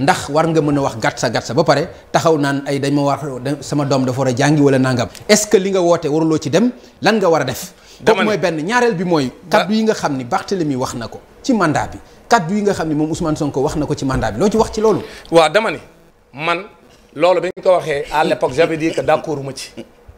ndax war nga mën a wax gàtt sa gàtt sa ba pare taxaw naan ay dañ ma wax sama doom dafa war a jàngi wala nangam est-ce que li nga woote waruloo ci dem lan nga war a def. kooku mooy benn ñaareel bi mooy. kaddu yi nga xam ni Barthélemy wax na ko ci mandat bi kaddu yi nga xam ni moom Ousmane Sonko wax na ko ci mandat bi loo ci wax ci loolu. waa dama ne man loolu ba ñu ko waxee à l'époque j'avais dit que d'accord ma ci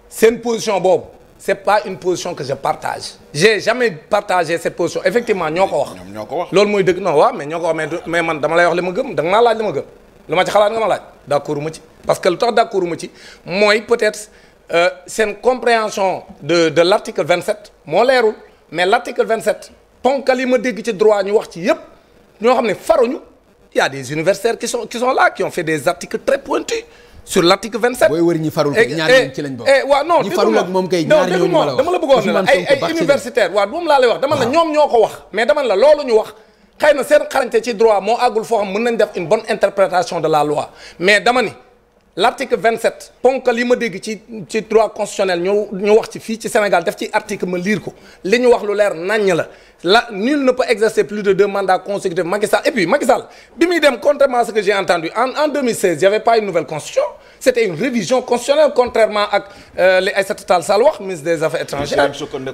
seen position boobu. c'est pas une position que je partage. j'ai jamais partagé cette position effectivement ñoo ko wax. ñoo ko wax loolu mooy dëgg non waaw mais ñoo ko wax mais mais man dama lay wax li ma gëm da nga laaj li ma gëm lu ma ci xalaat nga ma laaj d'accord ma ci. parce que lu tax d'accord ma ci mooy peut-être euh, seen compréhension de de l'article 27 moo leerul mais l'article 27 ponkal yi ma dégg ci droit ñu wax ci yépp ñoo xam ne faruñu ñu a des universitaires qui sont qui sont là qui ont fait des sur l'article 27. booy wër non ñi farul dama la bëggoon ne ay ay universitaire waaw moom laa lay wax dama la ah. ñoom ñoo ko wax mais dama la loolu ñu wax xëy na seen xarañte ci droit moo àggul foo xam mën nañ def une bonne interprétation de la loi mais dama ni l'article 27 ponk li ma dégg ci ci droit constitutionnel ñu wax ci fii ci Sénégal def ci article ma liir ko li ñu wax lu leer naññ la la nul ne peut exercer plus de deux mandats consécutifs c'était une révision constitutionnelle contrairement ak euh, li Aïssata Tall Sall wax ministre des affaires étrangères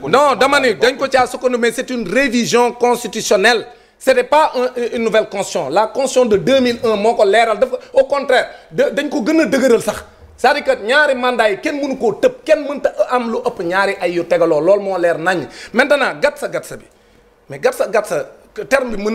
non dama ni dañ ko caa sukkandiku mais c'est une révision constitutionnelle ce n'est pas une nouvelle constitution la constitution de 2001 moo ko leeral dafa au contraire dañ ko gën a dëgëral sax c'est-à-dire que ñaari mandat yi kenn mënu koo tëb kenn mënta am lu ëpp ñaari ay yu tegaloo loolu moo leer nañ maintenant gatsa gatsa bi mais gatsa bi